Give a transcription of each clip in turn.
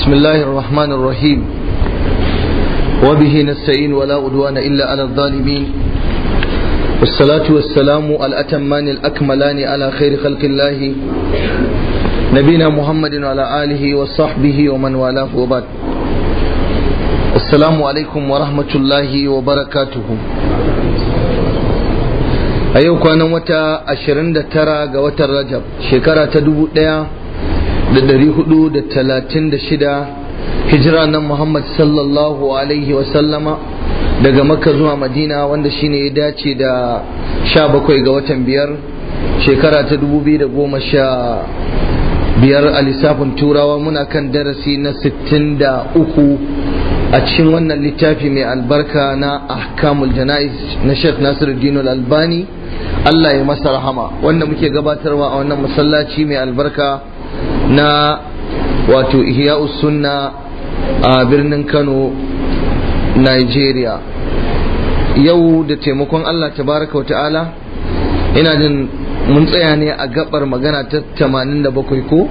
بسم الله الرحمن الرحيم وبه نستعين ولا عدوان إلا على الظالمين والصلاة والسلام الأتمان الأكملان على خير خلق الله نبينا محمد وعلى آله وصحبه ومن والاه وبعد السلام عليكم ورحمة الله وبركاته أيوك أنا متى أشرند ترى قوة الرجب شكرا تدبو da hudu da talatin da shida hijira nan Muhammad sallallahu alaihi wasallama daga makka zuwa madina wanda shine ya dace da sha bakwai ga watan biyar shekara ta dubu da goma sha biyar a lissafin turawa muna kan darasi na sittin da uku a cikin wannan littafi mai albarka na ahkamul jana'iz na sheikh nasiruddin al-albani Allah ya masa rahama wanda muke gabatarwa a wannan masallaci mai albarka na wato ihya sunna a birnin kano nigeria yau da taimakon allah tabaraka wa ta'ala ina jin mun tsaya ne a gabar magana ta 87 ko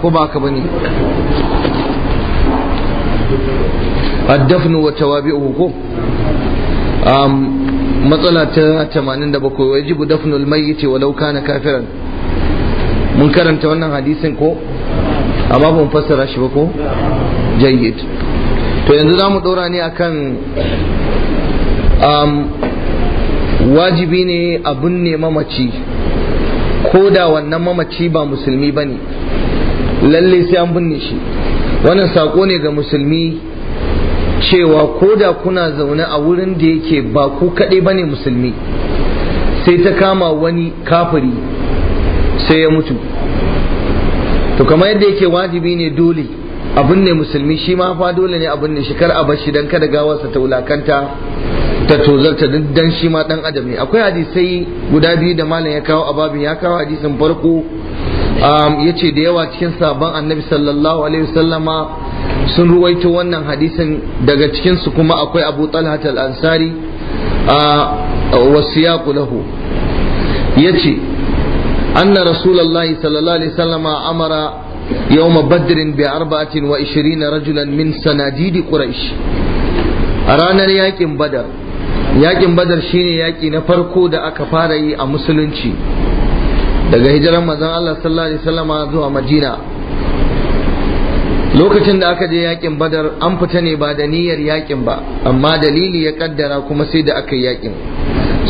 ko ba ka bane الدفن ko matsala ta 87 wajibu dafnul mayyiti walau kana kafiran mun karanta wannan hadisin ko amma ba mu fassara shi ba ko jayyid to yanzu za mu dora ne akan um, wajibi ne a binne mamaci ko da wannan mamaci ba musulmi ba ne lalle sai an binne shi wannan sako ne ga musulmi cewa ko da kuna zaune a wurin da yake ba ku kaɗai ba ne musulmi sai ta kama wani kafiri sai ya mutu to kamar yadda yake wajibi ne dole abin ne musulmi shi ma fa dole ne abin ne shi kar a bashi dan kada gawarsa ta wulakanta ta tozarta dan shi ma dan adam ne akwai hadisai guda biyu da malam ya kawo a babin ya kawo hadisin farko um, ya ce da yawa cikin sabon annabi sallallahu alaihi wasallama sun ruwaito wannan hadisin daga cikinsu kuma akwai abu talhat al-ansari uh, wasu ya lahu yace أن رسول الله صلى الله عليه وسلم أمر يوم بدر بأربعة وعشرين رجلا من سناديد قريش أرانا ياكين بدر yakin بدر شيني yaki نفرقو دا أكفاري aka fara yi a musulunci daga hijiran mazan Allah sallallahu alaihi wasallama lokacin da aka je yakin badar an fita ne ba da niyyar yakin ba amma dalili ya kaddara kuma sai da aka yi yakin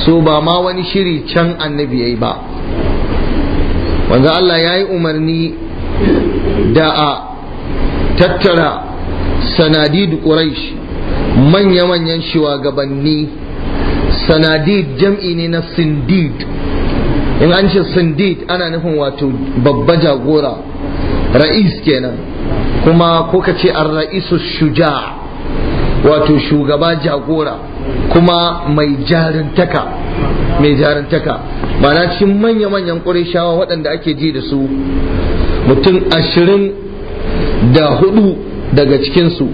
so ba ma wani shiri can annabi ya yi ba manzo Allah ya yi umarni da a tattara sanadid quraish manya-manyan shugabanni sanadid jam'i ne na sindid in an ce sindid ana nufin wato babba jagora ra'is kenan kuma ko ka ce an ra'isu shuja wato shugaba jagora kuma mai jarintaka mai jarintaka mana cikin manya-manyan ƙurishawa waɗanda ake ji da su mutum ashirin da hudu daga cikinsu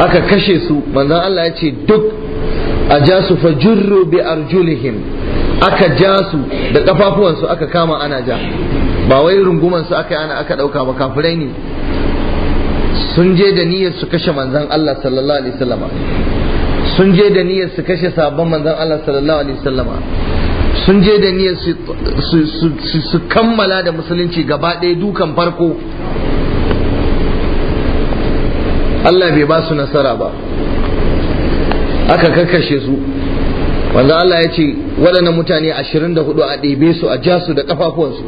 aka kashe su manzan Allah ya ce duk a ja su fajirro bi arjulihim aka ja su da ƙafafuwansu aka kama ana ja ba wai rungumansu aka yi ana aka ɗauka ba kafirai ne sun je da niyyar su kashe manzan Allah sallallahu alaihi wasallama sun je da niyyar su kashe sabon manzan Allah sallallahu alaihi wasallama sun je da niyyar su kammala da musulunci gaba ɗaya dukan farko Allah bai ba su nasara ba aka karkashe su wanda Allah ya ce waɗannan mutane 24 a ɗebe su a ja su da ƙafafuwansu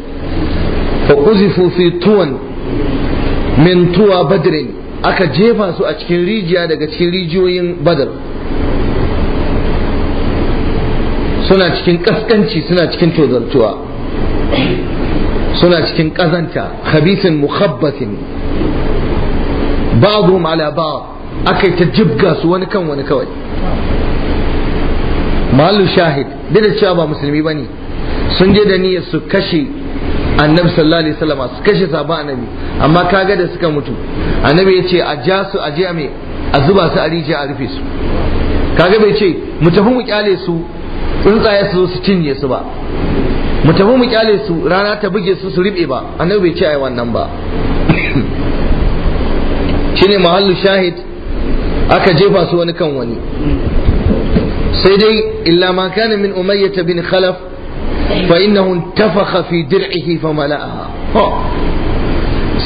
fa uzifu fi tuwan min tuwa badrin aka jefa su a cikin rijiya daga cikin rijiyoyin badar suna cikin kaskanci suna cikin tozartuwa suna cikin kazanta khabisin mukhabbasin ba'dhum ala ba'd akai ta jibga su wani kan wani kawai malu shahid duk da cewa ba musulmi bane sun je da niyyar su kashe annabi sallallahu alaihi wasallam su kashe sabon annabi amma kaga da suka mutu annabi ya ce a ja su a je a me a zuba su a rijiya a rufe su kaga bai ce mu tafi mu kyale su tsuntsaye su su cinye su ba mu tafi mu kyale su rana ta buge su su ribe ba annabi bai ce ai wannan ba shine mahallu shahid aka jefa su wani kan wani sai dai illa ma kana min umayyah bin khalaf fa innahu tafakha fi dir'ihi fa mala'aha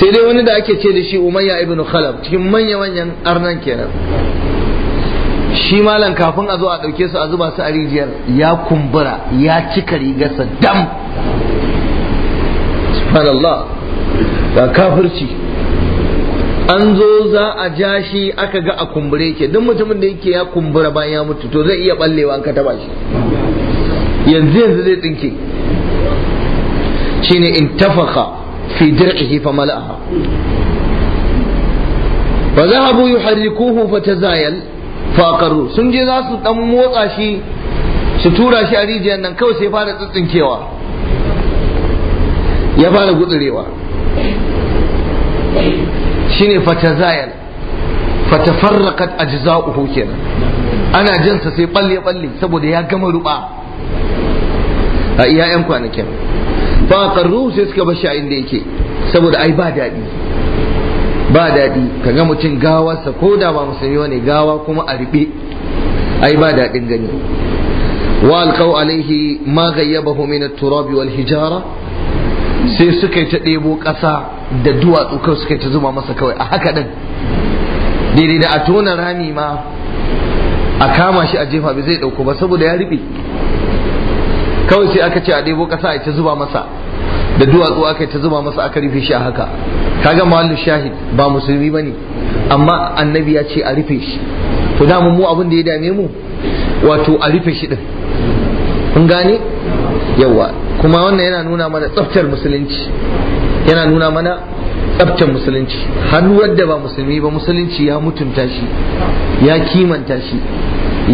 sai dai wani da ake ce da shi umayya ibn khalaf cikin manya manyan arnan kenan shi malam kafin a zo a ɗauke su a zuba su a rijiyar ya kumbura ya cika rigarsa dam subhanallah ga kafirci an zo za a ja shi aka ga a kumbure ke duk mutumin da yake ya kumbura bayan ya mutu to zai iya ballewa an ka taba shi yanzu yanzu zai tsinke shine in tafaka fi dir'ihi fa mala'aha fa zahabu yuharrikuhu fatazayal fakaru sun je za su ɗan motsa shi su tura shi a rijiyar nan kawai sai fara tsintsinkewa ya fara gutsurewa shine fatazayal za'u hoke kenan ana jinsa sai balle balle saboda ya gama ruba a iya yan kwanakin fakaru sai suka bar shi inda yake saboda ai ba daɗi ba daɗi ka ga mutum gawarsa ko da ba musulmi wani gawa kuma a riɓe ai ba daɗin gani wa alƙau alaihi ma ba min at wal hijara sai suka ta ɗebo ƙasa da duwatsu kai suka yi ta zuba masa kawai a haka ɗin daidai da a tona rami ma a kama shi a jefa bai zai ɗauko ba saboda ya riɓe kawai sai aka ce a ɗebo ƙasa a ta zuba masa da duwatsu aka ta zuba masa aka rufe shi a haka kaga mahallu shahid ba musulmi bane amma annabi ya ce a rufe shi to da mu abin da ya dame mu wato a rufe shi din kun gane yawa kuma wannan yana nuna mana tsaftar musulunci yana nuna mana tsaftar musulunci har da ba musulmi ba musulunci ya mutunta shi ya kimanta shi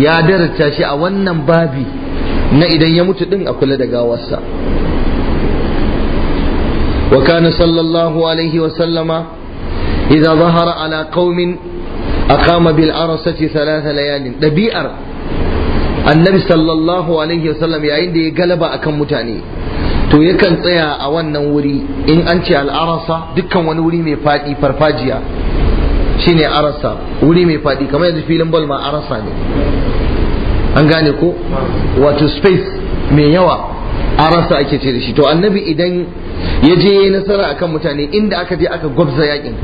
ya darata shi a wannan babi na idan ya mutu din a kula da gawarsa وكان صلى الله عليه وسلم إذا ظهر على قوم أقام بالعرسة ثلاث ليال ɗabi'ar annabi sallallahu alaihi wasallam yayin da ya galaba akan mutane to yakan tsaya a wannan wuri in an ce al'arasa dukkan wani wuri mai faɗi farfajiya shine arasa wuri mai faɗi kamar yanzu filin bal ma arasa ne an gane ko wato space mai yawa A rasa ake ce da shi to annabi idan ya je yayi nasara akan mutane inda aka je aka gwabza yakin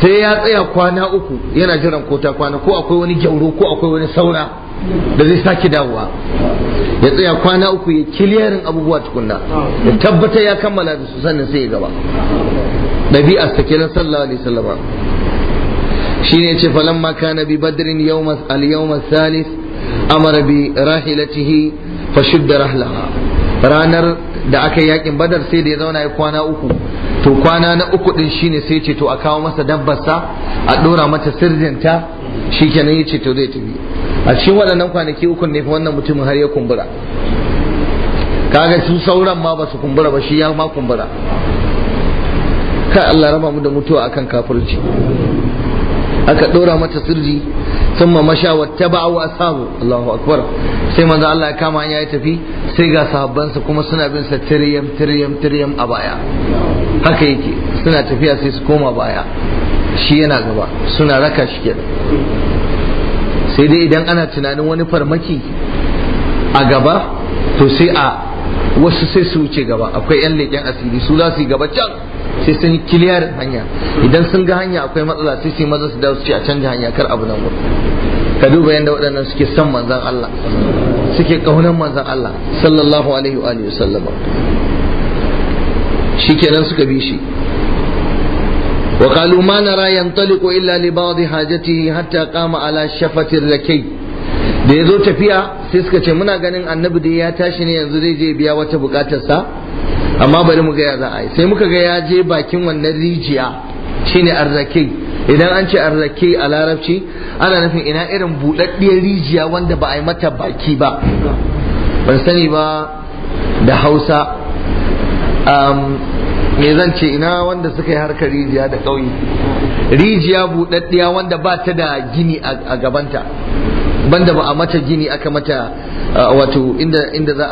sai ya tsaya kwana uku yana jiran kota kwana ko akwai wani gyauro ko akwai wani saura da zai sake dawowa ya tsaya kwana uku ya kiliyarin abubuwa tukunna ya tabbata ya kammala da su sannan sai ya gaba Ɗabi'a sa kenan sallallahu alaihi wasallam shine ya ce falamma kana bi badrin yawmas al salis amara bi rahilatihi fa shudda rahlaha ranar da aka yi yakin badar sai da ya zauna ya kwana uku to kwana na uku din shine sai ce to a kawo masa dabbarsa a dora mata sirjinta shikenan ya ce to zai tafi a cikin waɗannan kwanaki ukun ne wannan mutumin har ya kumbura kaga su sauran ma ba su kumbura ba shi ya ma kumbura kai Allah raba mu da mutuwa akan kafirci aka dora mata sirri thumma masha wa taba'u ashabu Allahu akbar sai manzo Allah ya kama hanya yi tafi sai ga sahabbansa kuma suna bin sa tiryam tiryam tiryam a baya haka yake suna tafiya sai su koma baya shi yana gaba suna raka shi kenan sai dai idan ana tunanin wani farmaki a gaba to sai a wasu sai su wuce gaba akwai 'yan leƙen asiri su za su yi gaba can sai sun yi kiliyarin hanya idan sun ga hanya akwai matsala sai su maza su dawo su ce a canja hanya kar abu nan gudu ka duba yadda waɗannan suke son manzan Allah suke ƙaunar manzan Allah sallallahu alaihi wa alihi sallama shikenan suka bi shi wa qalu ma nara yantaliqu illa li ba'd hajatihi hatta qama ala shafatir rakai da ya zo tafiya sai suka ce muna ganin annabi da ya tashi ne yanzu zai je biya wata bukatarsa amma bari mu gaya za a yi sai muka ga ya je bakin wannan rijiya shine arzaki idan an ce arzaki a larabci ana nufin ina irin buɗaɗɗiyar rijiya wanda ba a yi mata baki ba ban sani ba da hausa me zan ce ina wanda suka yi harkar rijiya da ƙauye rijiya buɗaɗɗiya wanda ba ta da gini a gabanta banda ba a mata gini aka mata wato inda za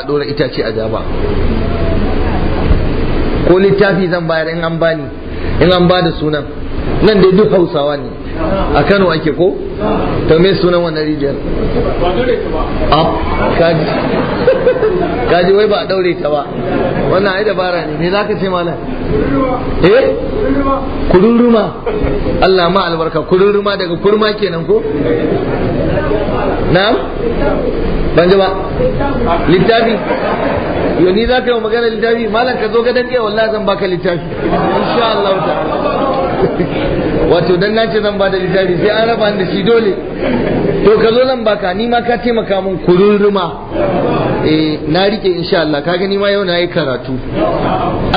a ɗora itace a jaba ko littafi zan bayar in an bani in an ba da sunan nan dai duk hausawa ne a kano ake ko ta me sunan wannan rijiyar kaji kaji wai ba a daure ta ba wannan ai dabara ne me zaka ce malam eh kudurruma Allah ma albarka kudurruma daga kurma kenan ko Na, ban ji ba littafi yo ni za ka yi magana littafi malam ka zo ga danke wallahi zan baka littafi insha Allah ta'ala wato dan na ce zan bada littafi sai an raba da shi dole to ka zo zan baka ni ma ka taimaka min kururuma eh na rike insha Allah ka gani ma yau na yi karatu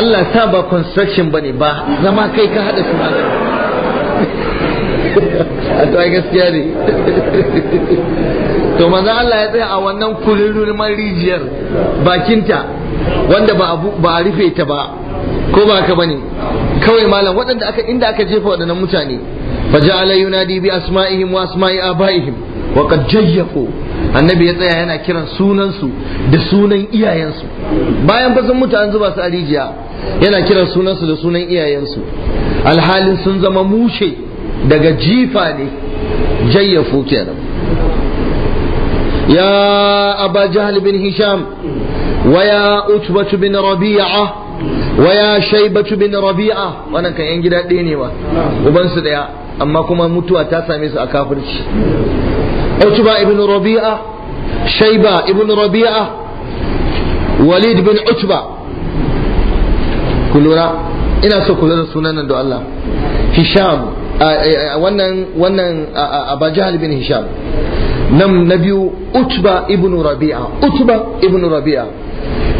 Allah sa ba construction bane ba zama kai ka hada su a to ai gaskiya ne to manzo Allah ya tsaya a wannan kurirmar rijiyar bakinta wanda ba a rufe ta ba ko ba ka bane kawai malam waɗanda aka inda aka jefa waɗannan mutane faja'ala yunadi bi asma'ihim wa asma'i abaihim wa qad jayyafu annabi ya tsaya yana kiran sunansu da sunan iyayensu bayan fa sun zuba su a rijiya yana kiran sunansu da sunan iyayensu alhalin sun zama mushe daga jifa ne jayyafu kenan يا أبا جهل بن هشام ويا أتبة بن ربيعة ويا شيبة بن ربيعة وانا كان ينجد ديني وا وبنس ديا أما كما متوا تاساميس أكافرش أتبة بن ربيعة شيبة بن ربيعة وليد بن عتبة كلنا ina so ku zana sunan nan da Allah Hisham wannan wannan Abu Jahl bin Hisham nan na biyu utba ibn rabi'a utba ibn rabi'a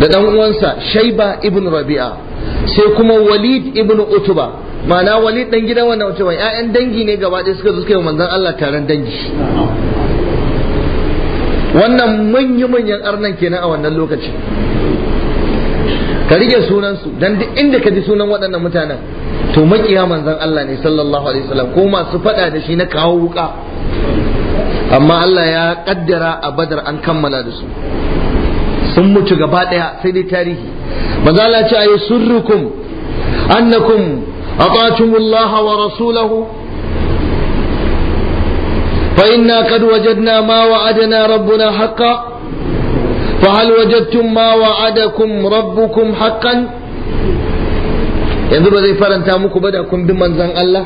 da dan uwansa shaiba ibn rabi'a sai kuma walid ibn utba ma'ana walid dan gidan wannan mutum ƴaƴan dangi ne gaba ɗaya suka zo suka yi manzon Allah taron dangi wannan manya-manyan arnan kenan a wannan lokaci. ka rike sunansu dan duk inda ka ji sunan waɗannan mutanen to makiya manzon Allah ne sallallahu alaihi wasallam ko masu faɗa da shi na kawo wuka amma Allah ya kaddara a badar an kammala da su sun mutu gaba daya sai dai tarihi manzo Allah ce ayi surrukum annakum Allah wa rasulahu fa inna kad wajadna ma wa'adana rabbuna haqqan hal wajadtum ma wa'adakum rabbukum haqqan yanzu ba zai faranta muku ba da kun bi manzan Allah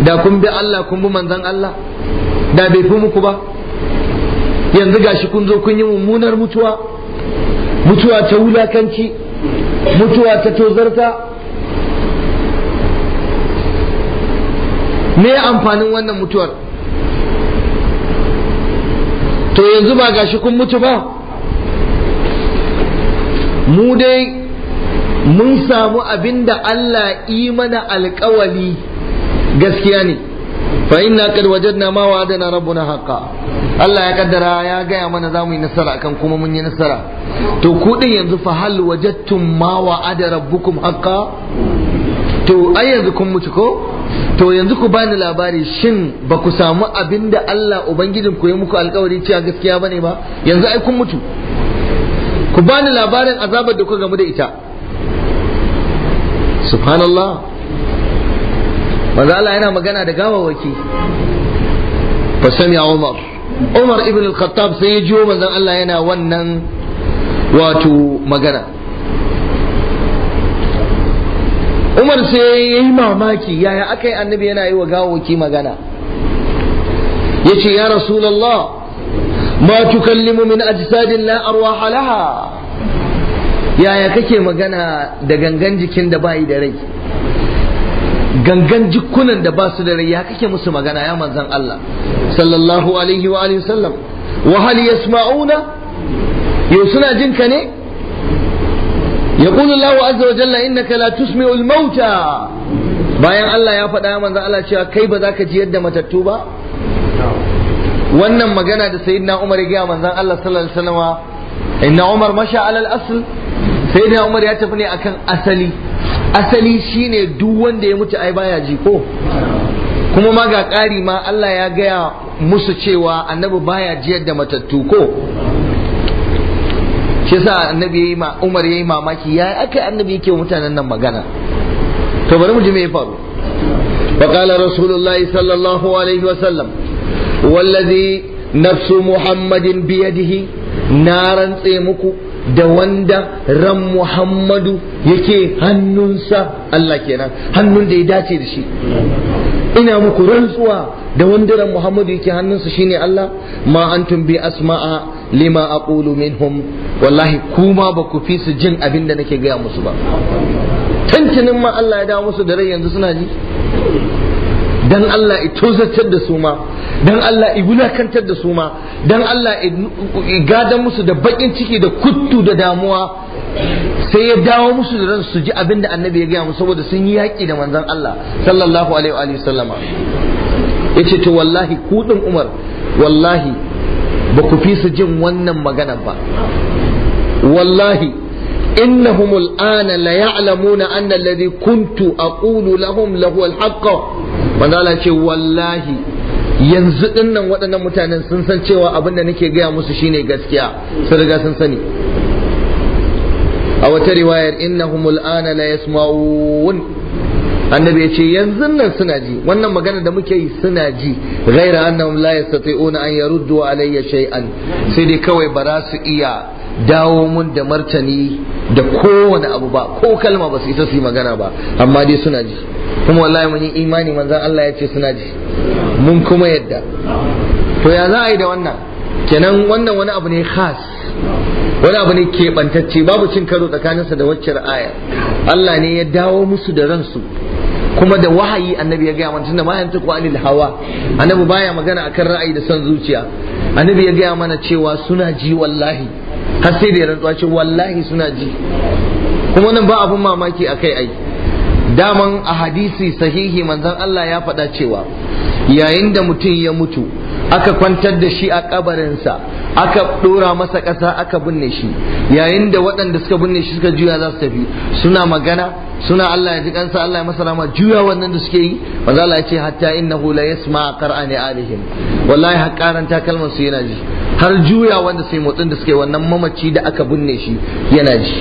da kun bi Allah kun bi manzan Allah da bai fi muku ba yanzu gashi kun zo kun yi mummunar mutuwa mutuwa ta wulakanci mutuwa ta tozarta me amfanin wannan mutuwar to yanzu ba gashi kun mutu ba mu dai mun samu abinda Allah imana alkawali gaskiya ne fa inna qad wajadna ma wa'adana rabbuna haqqan Allah ya kaddara ya gaya mana zamu yi nasara kan kuma mun yi nasara to ku din yanzu fa hal wajadtum ma wa'ada rabbukum haqqan to ai yanzu kun mutu ko to yanzu ku bani labari shin ba ku samu abinda Allah ubangijin ku ya muku alkawari cewa gaskiya bane ba yanzu ai kun mutu ku bani labarin azabar da ku gamu da ita subhanallah manzo Allah yana magana da gawawaki fa sami'a Umar Umar ibn al-Khattab sai ya jiyo manzon Allah yana wannan wato magana Umar sai ya yi mamaki yaya aka yi annabi yana yi wa gawawaki magana ya ce ya rasulallah ma tukallimu min ajsadin la arwaha laha yaya kake magana da gangan jikin da bayi da rai gangan jikunan da ba su da rai ya kake musu magana ya manzan Allah sallallahu alaihi wa alihi sallam wa hal yasma'una yau suna jin ka ne yaqulu Allahu azza wa jalla innaka la tusmi'u al-mauta bayan Allah ya faɗa ya manzan Allah cewa kai ba za ka ji yadda matattu ba wannan magana da sayyidina Umar ya ga manzan Allah sallallahu alaihi wasallama inna Umar masha alal asl sayyidina Umar ya tafi ne akan asali asali shine duk wanda ya mutu ai baya ji ko kuma ma ga ƙari ma Allah ya gaya musu cewa annabi baya jiyar da matattu ko shi sa annabi yayi ma Umar yayi mamaki yayi aka annabi yake mutanen nan magana to bari mu ji me ya faru فقال رسول الله صلى الله عليه wallazi nafsu Muhammadin biyadihi بيده نارا muku. da wanda ran Muhammadu yake hannunsa Allah kenan hannun da ya dace da shi ina muku rantsuwa da wanda ran Muhammadu yake hannunsa shine Allah ma antum bi asma'a lima aqulu minhum wallahi kuma ba ku fi su jin abin da nake gaya musu ba tantinin ma Allah ya dawo musu da rai yanzu suna ji dan Allah ya tozartar da su ma dan Allah ibulakantar da su ma dan Allah gadan musu da bakin ciki da kuttu da damuwa sai ya dawo musu da ran su ji abin da annabi ya gaya musu saboda sun yi yaƙi da manzon Allah sallallahu alaihi wa sallama yace to wallahi ku din Umar wallahi ba ku fi su jin wannan magana ba wallahi إنهم الآن ليعلمون أن الذي كنت أقول لهم لهو الحق من قال والله yanzu din nan waɗannan mutanen sun san cewa abin da nake gaya musu shine gaskiya sun riga sun sani a wata riwayar innahum al'ana la yasma'un annabi ya ce yanzu nan suna ji wannan magana da muke yi suna ji ghaira annahum la yastati'una an yaruddu alayya shay'an sai dai kawai ba za su iya dawo mun da martani da kowane abu ba ko kalma ba su isa su yi magana ba amma dai suna ji kuma wallahi mun yi imani manzon Allah ya ce suna ji mun kuma yadda to ya za a yi da wannan kenan wannan wani abu ne khas wani abu ne keɓantacce babu cin karo tsakaninsa da wacce ra'aya. Allah ne ya dawo musu da ransu kuma da wahayi annabi ya gaya mana da ma yanta ku anil hawa annabi baya magana akan ra'ayi da son zuciya annabi ya gaya mana cewa suna ji wallahi har sai da rantsuwa ce wallahi suna ji kuma nan ba abun mamaki akai ai daman a hadisi sahihi manzon Allah ya faɗa cewa yayin da mutum ya mutu aka kwantar da shi a kabarinsa aka dora masa ƙasa aka binne shi yayin da waɗanda suka binne shi suka juya za su tafi suna magana suna Allah ya ji kansa Allah ya masa rama juya wannan da suke yi maza Allah ya ce hatta innahu la yasma qur'ani alihim wallahi har karanta kalmar su yana ji har juya wanda sai motsin da suke wannan mamaci da aka binne shi yana ji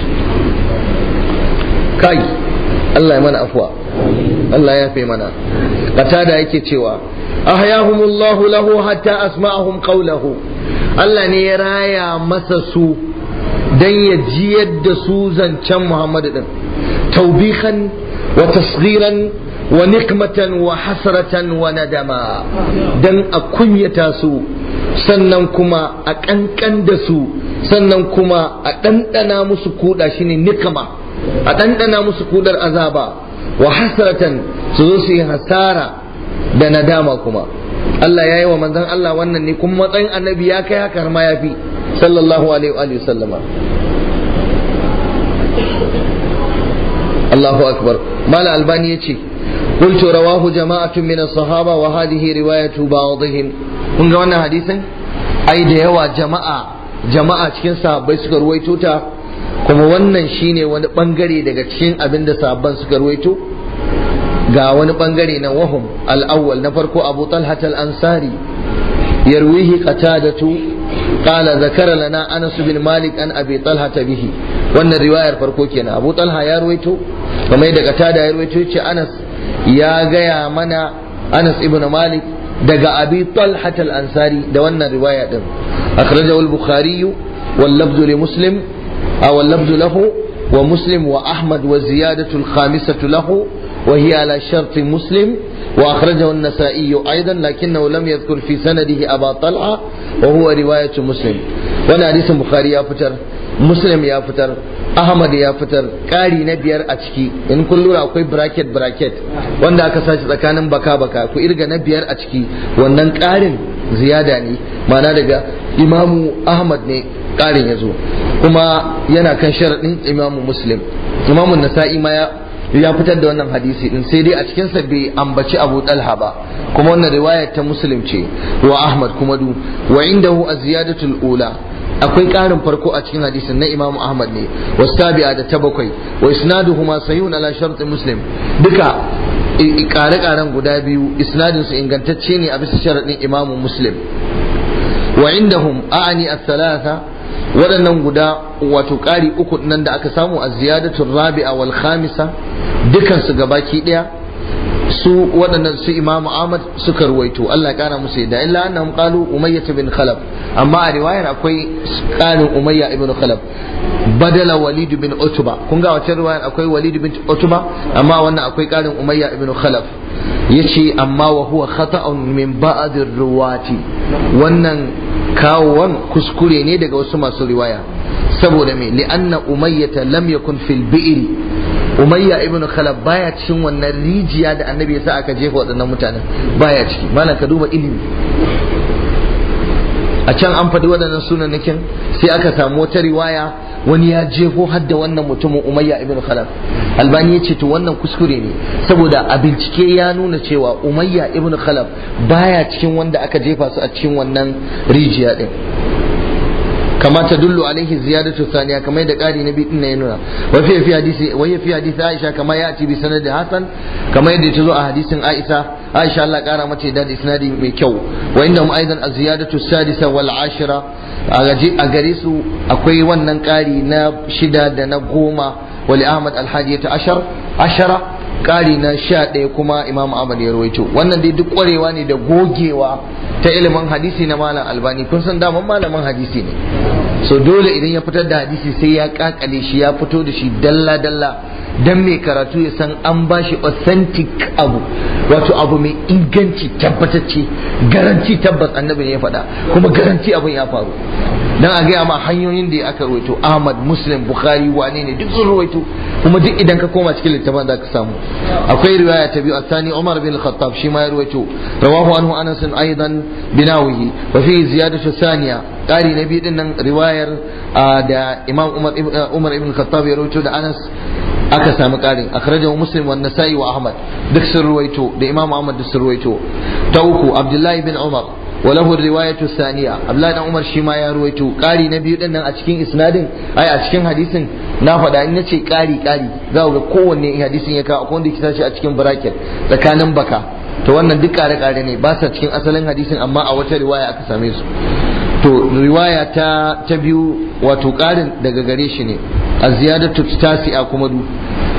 kai Allah ya mana afwa Allah ya fi mana da yake cewa ahyahum Allah lahu hatta asma'ahum qawlahu Allah ne ya raya masa su dan ya jiyar da su zancen Muhammadu din taubikan wa tasghiran wa nikmatan wa hasratan nadama dan a kunyata su sannan kuma a kankan da su sannan kuma a ɗanɗana musu kuɗa shine nikama a ɗanɗana musu kuɗar azaba wa hasratan su zo su yi hasara da nadama kuma Allah ya yi wa manzan Allah wannan ne kuma matsayin annabi ya kai haka har ma ya fi sallallahu alaihi wa sallama Allahu akbar mala albani yace قلت رواه جماعة sahaba الصحابة وهذه رواية بعضهم kun ga wannan hadisin ai da yawa jama'a jama'a cikin sahabbai suka ruwaito ta kuma wannan shine wani bangare daga cikin abinda da sahabban suka ruwaito ga wani bangare na wahum al na farko Abu Talha ansari yarwihi qatadatu qala zakara lana Anas bin Malik an Abi Talha bihi wannan riwayar farko kenan Abu Talha ya ruwaito kamar daga tada ya ruwaito ce Anas ya gaya mana Anas ibn Malik daga Abi Talha ansari da wannan riwaya din akhrajahu al-Bukhari wal lafzu li Muslim aw al lafzu lahu ومسلم وأحمد والزيادة الخامسة له وهي على شرط مسلم وأخرجه النسائي أيضا لكنه لم يذكر في a. أبا طلحة وهو رواية مسلم ولا حديث البخاري يا فتر مسلم يا فتر Ahmad ya fitar kari na biyar a ciki in kun akwai biraket biraket. wanda aka sace tsakanin baka baka ku irga na biyar a ciki wannan ƙarin ziyada ne mana daga imamu Ahmad ne ƙarin ya zo kuma yana kan sharaɗin imamu Muslim imamu Nasa'i ma ya fitar da wannan hadisi din sai dai a cikin sa bai ambaci Abu Talha ba kuma wannan riwayar ta Muslim ce wa Ahmad kuma du wa indahu az-ziyadatul ula akwai karin farko a cikin hadisin na Imam Ahmad ne wasu tabi'a da ta bakwai wa isnaduhuma sayyun ala shart Muslim duka kare-karen guda biyu isnadin su ingantacce ne a bisa sharadin Imam Muslim wa indahum a'ani as thalatha waɗannan guda wato ƙari uku nan da aka samu a ziyadatun rabi'a wal khamisa dukansu gabaki ɗaya su waɗannan su imamu ahmad suka ruwaito Allah ya ƙara musu yadda illa annahum qalu umayya bin khalaf amma a riwayar akwai ƙarin umayya ibn khalaf badala walid bin utba kun ga wata riwayar akwai walid bin utba amma wannan akwai ƙarin umayya ibn khalaf yace amma wa huwa khata'un min ba'd ruwati wannan kawon kuskure ne daga wasu masu riwaya saboda me li'anna umayyata lam yakun fil bi'ri umayya ibn khalab baya cikin wannan rijiya da annabi ya sa aka jefa waɗannan mutanen baya ciki malam ka duba ilimi a can an faɗi waɗannan sunanakin sai aka samu wata riwaya wani ya je ko hadda wannan mutumin umayya ibn khalaf albani ya ce to wannan kuskure ne saboda a bincike ya nuna cewa umayya ibn khalaf baya cikin wanda aka jefa su a cikin wannan rijiya din kama ta dullu alaihi ziyadatu thaniya kamar da qari nabi din ya nuna wa fi fi hadisi wa fi hadisi aisha kama ya ci bi sanadi hasan kama yadda ta zo a hadisin aisha aisha Allah kara mace da isnadi mai kyau wa inda mu aidan aziyadatu sadisa wal ashira a gare su akwai wannan ƙari na shida da na goma wali ahmad alhaji ta ashar ashara ƙari na sha ɗaya kuma imam ahmad ya rawaito wannan dai duk ƙwarewa ne da gogewa ta ilimin hadisi na malam albani kun san daman malamin hadisi ne so dole idan ya fitar da hadisi sai ya ƙaƙale shi ya fito da shi dalla dalla dan mai karatu ya san an ba shi authentic abu wato abu mai inganci tabbatacce garanci tabbas annabi ne ya faɗa kuma garanci abin ya faru dan a gaya ma hanyoyin da aka ruwaito Ahmad Muslim Bukhari wane ne duk sun ruwaito kuma duk idan ka koma cikin littafin za ka samu akwai riwaya ta biyu asani Umar bin Khattab shi ma ya ruwaito rawahu anhu Anas aidan binawi wa fi ziyadatu thaniya ƙari na biyu din nan riwayar ah, da Imam Umar Umar ibn Khattab ya ruwaito da Anas aka samu karin akhrajahu muslim wa nasa'i wa ahmad duk sun ruwaito da imam ahmad duk sun ruwaito ta uku abdullahi bin umar wa lahu riwayatu thaniya abdullahi bin umar shi ma ya ruwaito kari na biyu din a cikin isnadin ai a cikin hadisin na faɗa in nace kari kari za ku ga kowanne hadisin ya kawo akwai wanda ya shi a cikin bracket tsakanin baka to wannan duk kare kare ne ba sa cikin asalin hadisin amma a wata riwaya aka same su to riwaya ta ta biyu wato karin daga gare shi ne az-ziyadatu a kuma du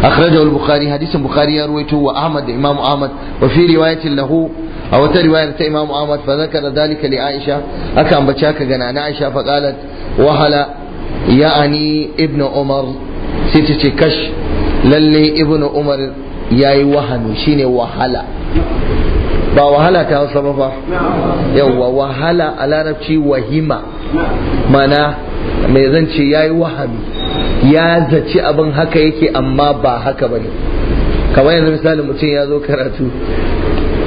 akhrajahu al-bukhari hadisin bukhari ya ruwaito wa ahmad da imam ahmad wa fi riwayatin lahu a wata riwayar ta imamu ahmad fa zakara dalika li aisha aka ambaci haka ga na aisha fa qalat ya hala ya'ani ibnu umar sai ta ce kash lalle ibnu umar yayi wahanu shine wahala ba wahala ta hausa ba fa yawwa wahala a larabci wahima mana mai zan ce ya yi wahami ya zaci abin haka yake amma ba haka ba ne kamar yanzu misali mutum ya zo karatu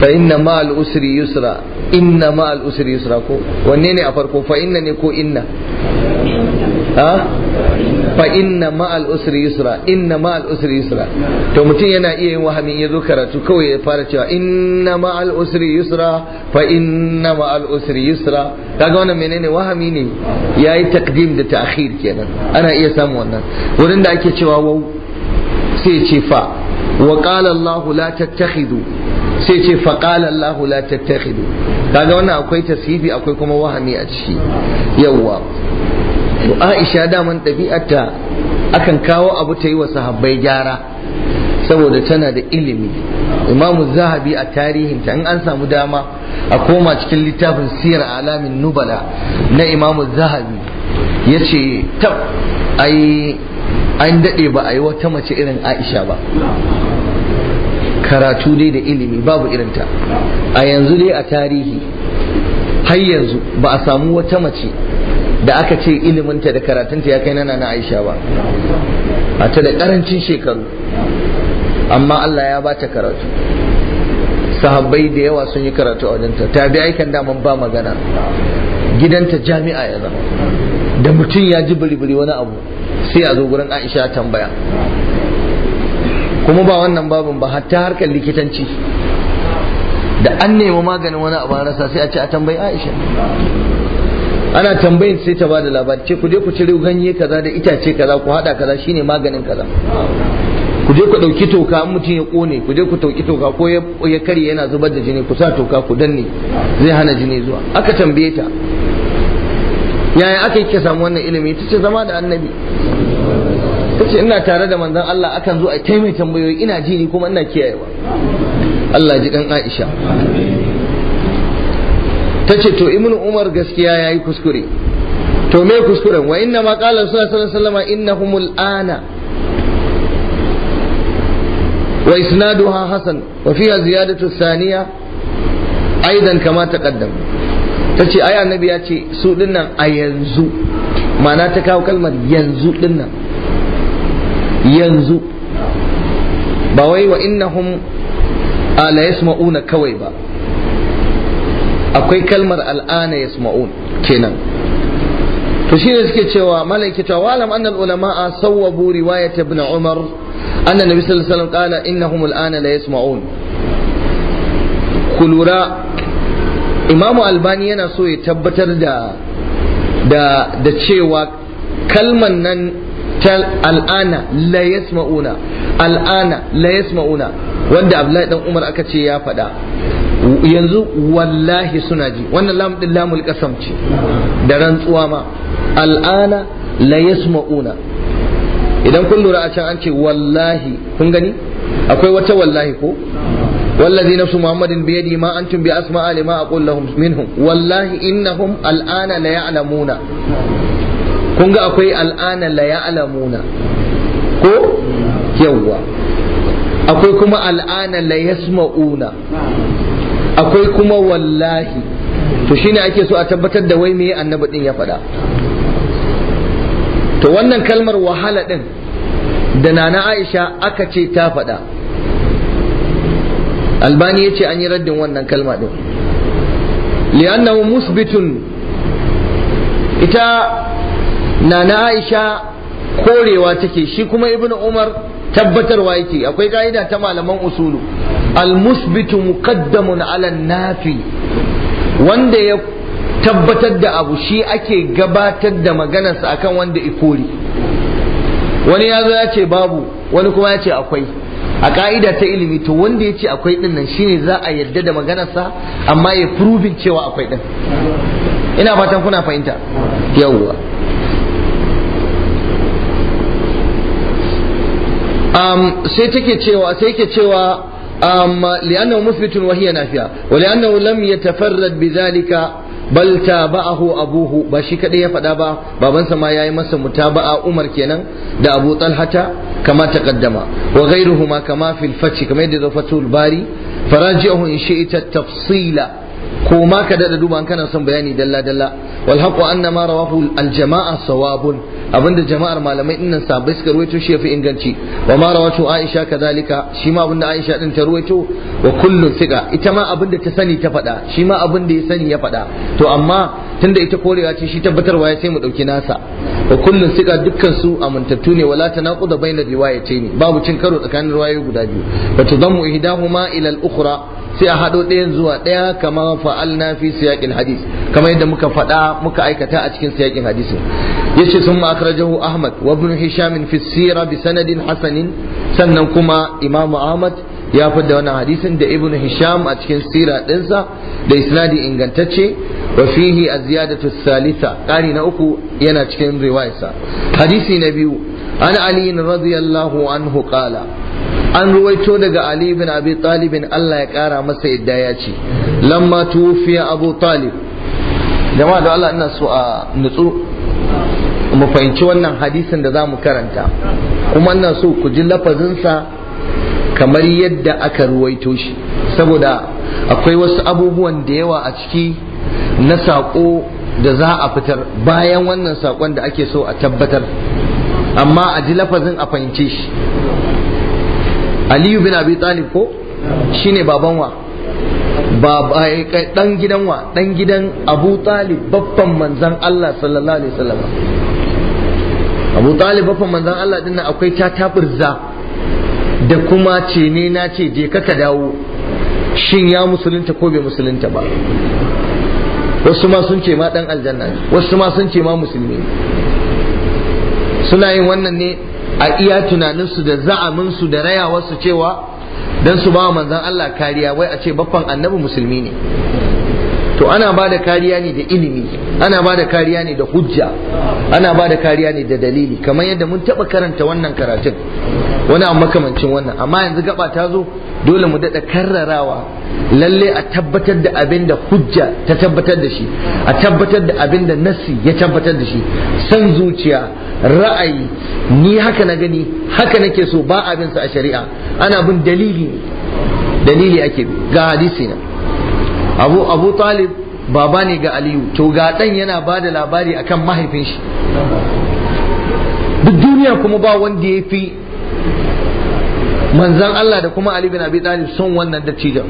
fa inna ma al'usri yusra inna ma al'usri yusra ko wanne ne a farko fa inna ne ko inna fa inna ma'al usri yusra inna ma'al usri yusra to mutum yana iya yin wahamin ya zo karatu kawai ya fara cewa inna ma'al usri yusra fa inna ma'al usri yusra kaga wannan menene wahami ne yayi takdim da ta'khir kenan ana iya samun wannan wurin da ake cewa wa sai ce fa wa qala Allah la tattakhidu sai ce fa qala Allah la tattakhidu kaga wannan akwai tasibi akwai kuma wahami a ciki yawwa to aisha daman ɗabi'arta akan kawo abu ta yi wa sahabbai gyara saboda tana da ilimi imamu zahabi a tarihinta in an samu dama a koma cikin littafin siyar alamin nubala na imamu zahabi ya ce tab an daɗe ba a yi wata mace irin aisha ba karatu dai da ilimi babu irinta a yanzu dai a tarihi har yanzu ba a samu wata mace da aka ce iliminta da karatunta ya kai nana na aisha ba a ta da karancin shekaru amma Allah ya ba ta karatu sahabbai da yawa sun yi karatu a wajenta ta bi aikan daman ba magana gidanta jami'a ya zama da mutum ya ji biribiri wani abu sai a zo gurin aisha tambaya kuma ba wannan babin ba hatta harkar likitanci da an nemi maganin wani abu rasa sai a ce a tambayi aisha ana tambayin sai ta bada labari ce ku je ku cire ganye kaza da itace kaza ku hada kaza shine maganin kaza ku je ku dauki toka in mutum ya kone ku je ku dauki toka ko ya kare yana zubar da jini ku sa toka ku danne zai hana jini zuwa aka tambaye ta yaya aka yi samu wannan ilimi ta ce zama da annabi ta ce ina tare da manzon Allah akan zo a taimai tambayoyi ina jini kuma ina kiyayewa Allah ji dan Aisha ta ce to ibnu umar gaskiya ya yi kuskure to me kuskuren wa inna ma qala sallallahu alaihi wasallam humul ana wa isnaduha hasan wa fiha ziyadatu thaniya aidan kama taqaddam ce ai annabi ya ce su dinnan a yanzu ma'ana ta kawo kalmar yanzu dinnan yanzu ba wai wa innahum ala yasma'una kawai ba akwai kalmar al'ana ya yasma'un kenan to shi ne suke cewa malaki ta walam annal ulama sawwabu ta bin umar anna nabi sallallahu alaihi wasallam qala innahum al'ana la yasma'un kulura imamu albani yana so ya tabbatar da cewa kalman nan ta al'ana la yasma'una al'ana la yasma'una wanda abdullahi dan umar aka ce ya faɗa yanzu wallahi suna ji wannan lamɗin lamul ƙasam ce da rantsuwa ma al'ana la yasma'una idan kun lura a can an ce wallahi kun gani akwai wata wallahi ko wallazi nafsu muhammadin bi yadi ma antum bi asma'a lima aqul lahum minhum wallahi innahum al'ana la ya'lamuna kun ga akwai al'ana la ya'lamuna ko yawa? akwai kuma al'ana la yasma'una akwai kuma wallahi to shine ake so a tabbatar da wai meye annabi din ya faɗa to wannan kalmar wahala din da nana aisha aka ce ta faɗa albani ya ce an yi raddin wannan kalma din li'annahu musbitun ita nana aisha korewa take shi kuma ibnu umar tabbatarwa yake akwai ka'ida ta malaman usulu almusbitu muqaddamun ala nafi wanda ya tabbatar da abu shi ake gabatar da maganarsa akan wanda ikori wani ya zo ya ce babu wani kuma ya ce akwai a ka'ida ta ilimi to wanda ya ce akwai din nan shine za a yarda da maganarsa amma ya proving cewa akwai din ina fatan kuna fahimta yawwa um, sai take cewa sai ke cewa لأنه مثبت وهي نافية ولأنه لم يتفرد بذلك bal taba'ahu abuhu ba shi kadai ya faɗa ba babansa ma ya yi masa mutaba'a Umar kenan da Abu Talhata kama taqaddama wa ghayruhuma kama filfaci fath kamar yadda zo fatul bari faraji'uhu in ita tafsila ko ma ka dada duba an kana son bayani dalla dalla wal haqu anna ma rawahu al jamaa sawabun abinda jama'ar malamai dinnan sabai suka ruwaito shi yafi inganci wa ma rawatu aisha kadhalika shi ma abinda aisha din ta ruwaito wa kullu thiqa ita ma abinda ta sani ta faɗa shi ma abinda ya sani ya faɗa to amma tunda ita korewa ce shi tabbatarwa ya sai mu dauki nasa wa kullu thiqa dukkan su amintattu ne wala ta tanaquda bainar riwayatayn babu cin karo tsakanin riwayoyi guda biyu wa tudammu ihdahuma ila al ukhra sai a haɗo ɗayan zuwa ɗaya kamar fa'alna fi siyaƙin hadis kamar yadda muka faɗa muka aikata a cikin siyaƙin hadisin yace sun akhrajahu ahmad wa ibn hisham fi sira bi sanadin hasanin sannan kuma imamu ahmad ya fadda wannan hadisin da ibn hisham a cikin sira ɗinsa da isnadi ingantacce wa fihi az-ziyadatu thalitha ƙari na uku yana cikin riwayarsa hadisi na biyu an ali radiyallahu anhu qala an ruwaito daga Ali bin Abi Talib Allah ya kara masa yadda ya ce lamma tufiya Abu Talib jama'a da Allah ina so a nutsu mu fahimci wannan hadisin da za mu karanta kuma ina so ku ji lafazinsa kamar yadda aka ruwaito shi saboda akwai wasu abubuwan da yawa a ciki na saƙo da za a fitar bayan wannan saƙon da ake so a tabbatar amma a ji lafazin a fahimce shi aliyu bin abi talib ko shine baban wa eh, dan gidan wa dan gidan abu talib babban manzan Allah sallallahu alaihi wasallam abu talib babban manzan Allah din nan akwai ta tabirza da kuma ce ne na ce je ka ka dawo shin ya musulunta ko bai musulunta ba wasu ma sun ce ma dan aljanna wasu ma sun ce ma musulmi suna yin wannan ne a iya tunaninsu da za'aminsu da rayawarsu cewa don su ba manzan Allah kariya wai a ce baffan annabi musulmi ne to ana ba da kariya ne da ilimi ana ba da kariya ne da hujja ana ba da kariya ne da dalili kamar yadda mun taɓa karanta wannan karatun wani abu makamancin wannan amma yanzu gaba ta zo dole mu daɗa karrarawa lalle a tabbatar da abin da hujja ta tabbatar da shi a tabbatar da abin da nasi ya tabbatar da shi san zuciya ra'ayi ni haka na gani haka nake so ba abin sa a shari'a ana bin dalili dalili ake ga hadisi na abu abu talib baba ne ga aliyu to ga dan yana ba da labari akan mahaifin shi duk duniya kuma ba wanda ya fi manzan Allah da kuma Ali bin Abi Talib son wannan dattijan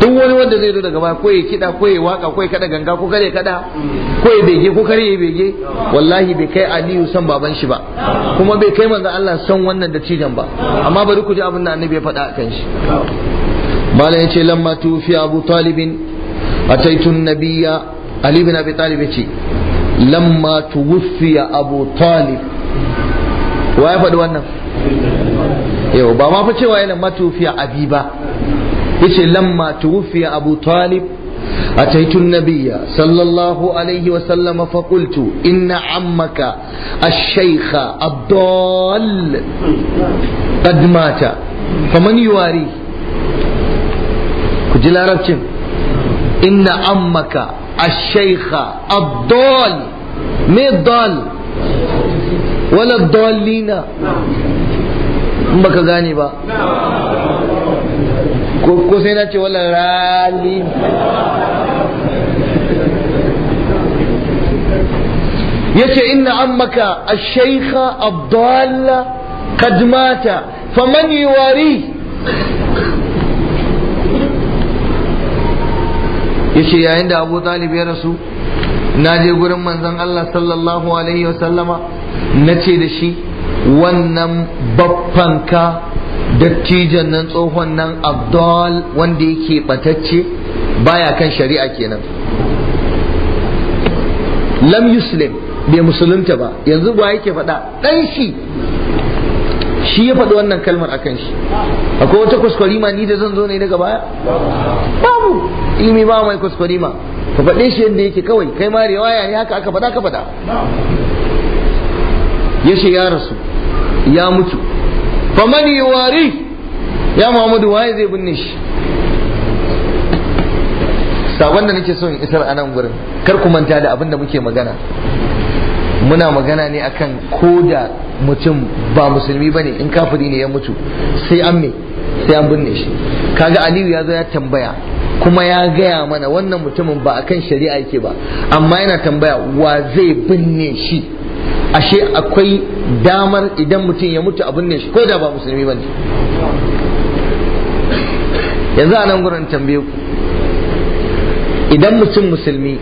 duk wani wanda zai zo daga baya ko ya kida ko waka ko ya kada ganga ko kare kada ko ya bege ko kare ya bege wallahi bai kai Aliyu son baban shi ba kuma bai kai manzan Allah son wannan dattijan ba amma bari ku ji abin da Annabi ya faɗa kan shi malam yace lamma tufi Abu Talib ataitu nabiyya Ali bin Abi Talib yace lamma tuwfiya Abu Talib wa ya faɗi wannan yau ba ma fa cewa yana matufiya abi ba yace lamma tuwfiya abu talib ataitu nabiyya sallallahu alaihi wa sallam fa qultu inna ammaka ash-shaykh abdal qad mata faman yuwari ku ji larabcin inna ammaka ash-shaykh abdal me dal wala dalina in baka gane ba ko sai na ce wala rali yace inna na ash-shaykha ad-dalla qad mata faman ya yace yayin da Abu Talib ya rasu na je gurin manzan Allah sallallahu alaihi wasallama ce da shi wannan baffanka dattijan nan tsohon nan Abdul wanda yake batacce baya kan shari'a kenan lam yuslim bai musulunta ba yanzu ba yake faɗa ɗan shi shi ya faɗi wannan kalmar a shi akwai wata kwaskwarima ni da zan zo ne daga baya babu ilimi ba mai kwaskwarima ka faɗe shi yadda yake kawai kai ma riwaya ne haka aka faɗa ka faɗa ya ya rasu ya mutu faman yuwari ya Muhammadu waye zai binne shi sabon da nake so in isar anan gurin kar ku manta da abin da muke magana muna magana ne akan ko da mutum ba musulmi bane in kafiri ne ya mutu sai an me sai an binne shi kaga aliyu ya zo ya tambaya kuma ya gaya mana wannan mutumin ba akan shari'a yake ba amma yana tambaya wa zai binne shi ashe akwai damar idan mutum ya mutu abin ne shi ko da ba musulmi ne yanzu a nan gurin tambaye ku idan mutum musulmi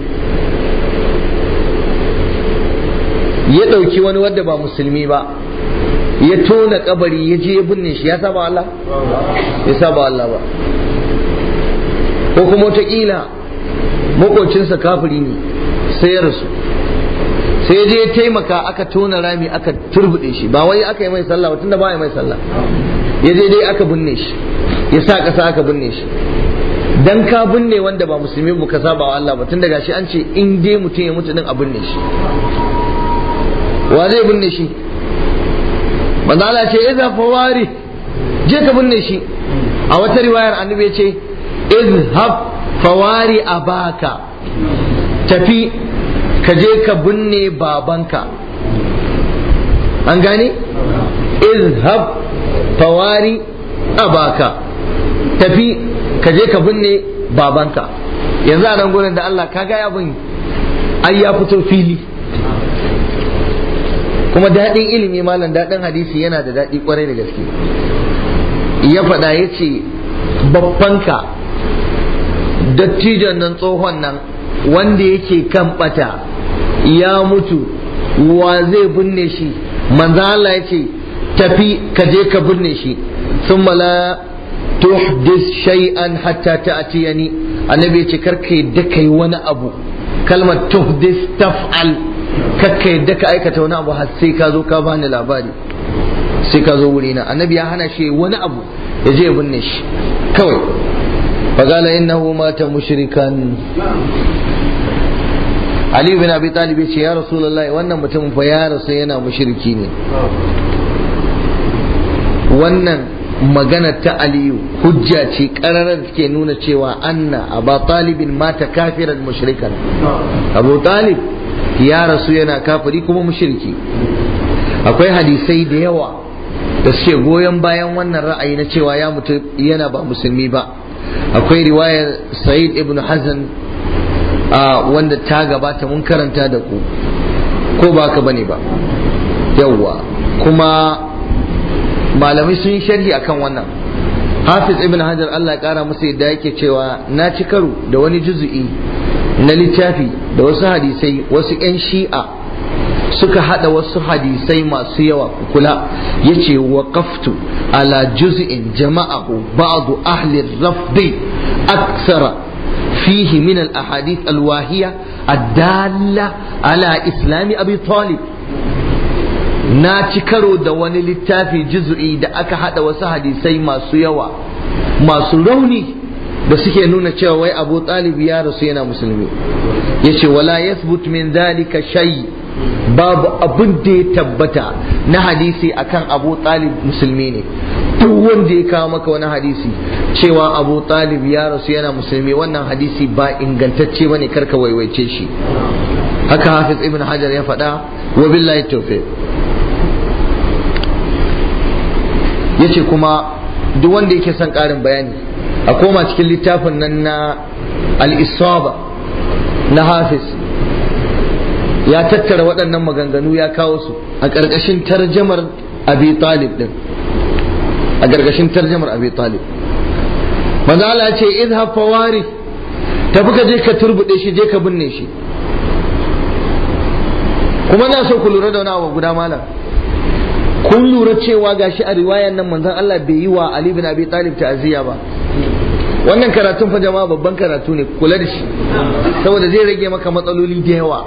ya ɗauki wani wadda ba musulmi ba ya tona kabari ya je ya binne shi ya saba Allah ya saba Allah ba ko kuma wataƙila makocinsa kafiri ne sai ya rasu sai je ya taimaka aka tona rami aka turbuɗe shi ba wai aka yi mai sallah tunda ba ya mai sallah ya je dai aka binne shi ya sa ƙasa aka binne shi dan ka binne wanda ba musulmi ba ka saba wa Allah ba tunda gashi an ce in dai mutum ya mutu din a binne shi wa zai binne shi manzo Allah ce idza fawari je ka binne shi a wata riwayar annabi ya ce izhab fawari abaka tafi ka je ka binne babanka an gane izhab fawari abaka tafi ka je ka binne babanka yanzu a nan gurin da Allah kaga ya abin ai ya fito fili kuma daɗin ilimi malam daɗin hadisi yana da daɗi kwarai da gaske ya faɗa ya ce babbanka dattijon nan tsohon nan wanda yake kan ɓata ya mutu wa zai binne shi manzo Allah ya ce tafi ka je ka binne shi thumma la tuhdis shay'an hatta ta'tiyani annabi ya ce karka yadda kai wani abu kalmar tuhdis taf'al karka yadda ka aikata wani abu har sai ka zo ka bani labari sai ka zo wuri na annabi ya hana shi wani abu ya je ya binne shi kawai fagala innahu mata mushrikan Aliyu bin Abi Talib ya ce ya Rasulullahi wannan mutum fa ya rasu yana mushriki ne wannan magana ta Aliyu hujja ce kararar take nuna cewa anna Abu Talibin mata kafiran mushrikan Abu Talib ya rasu yana kafiri kuma mushriki akwai hadisai da yawa da suke goyon bayan wannan ra'ayi na cewa ya mutu yana ba musulmi ba akwai riwayar Sa'id ibn Hazan wanda ta gabata mun karanta da ku ko ba ka bane ba yawwa kuma malamai sun yi sharhi akan wannan hafiz ibn hajar allah kara musu yadda yake cewa na ci karu da wani juzu'i na littafi da wasu hadisai wasu 'yan shi'a suka hada wasu hadisai masu yawa kula ya ce waƙaftu ala juz'in jama'ahu ba'du ahli rafdi aksara فيه من الأحاديث الواهية الدالة على إسلام أبي طالب na ci karo da wani littafi juz'i da aka haɗa wasu hadisai masu yawa masu rauni da suke nuna cewa wai abu ɗalib ya rasu yana musulmi ya ce wala yasbut min zalika shayi. babu abin da ya tabbata na hadisi akan Abu Talib musulmi ne duk wanda ya kawo maka wani hadisi cewa Abu Talib ya rasu yana musulmi wannan hadisi ba ingantacce bane karka waiwaice shi haka Hafiz Ibn Hajar ya faɗa wa billahi tawfiq yace kuma duk wanda yake son ƙarin bayani a koma cikin littafin nan na al-Isaba na Hafiz ya tattara waɗannan maganganu ya kawo su a ƙarƙashin tarjamar abi talib din a ƙarƙashin tarjamar abi talib manzo Allah ya ce idhab fawari tafi ka je ka turbude shi je ka binne shi kuma na so ku lura da wani guda malam kun lura cewa shi a riwayan nan manzon Allah bai yi wa Ali bin Abi Talib ta'aziyya ba wannan karatun fa jama'a babban karatu ne kula da shi saboda zai rage maka matsaloli da yawa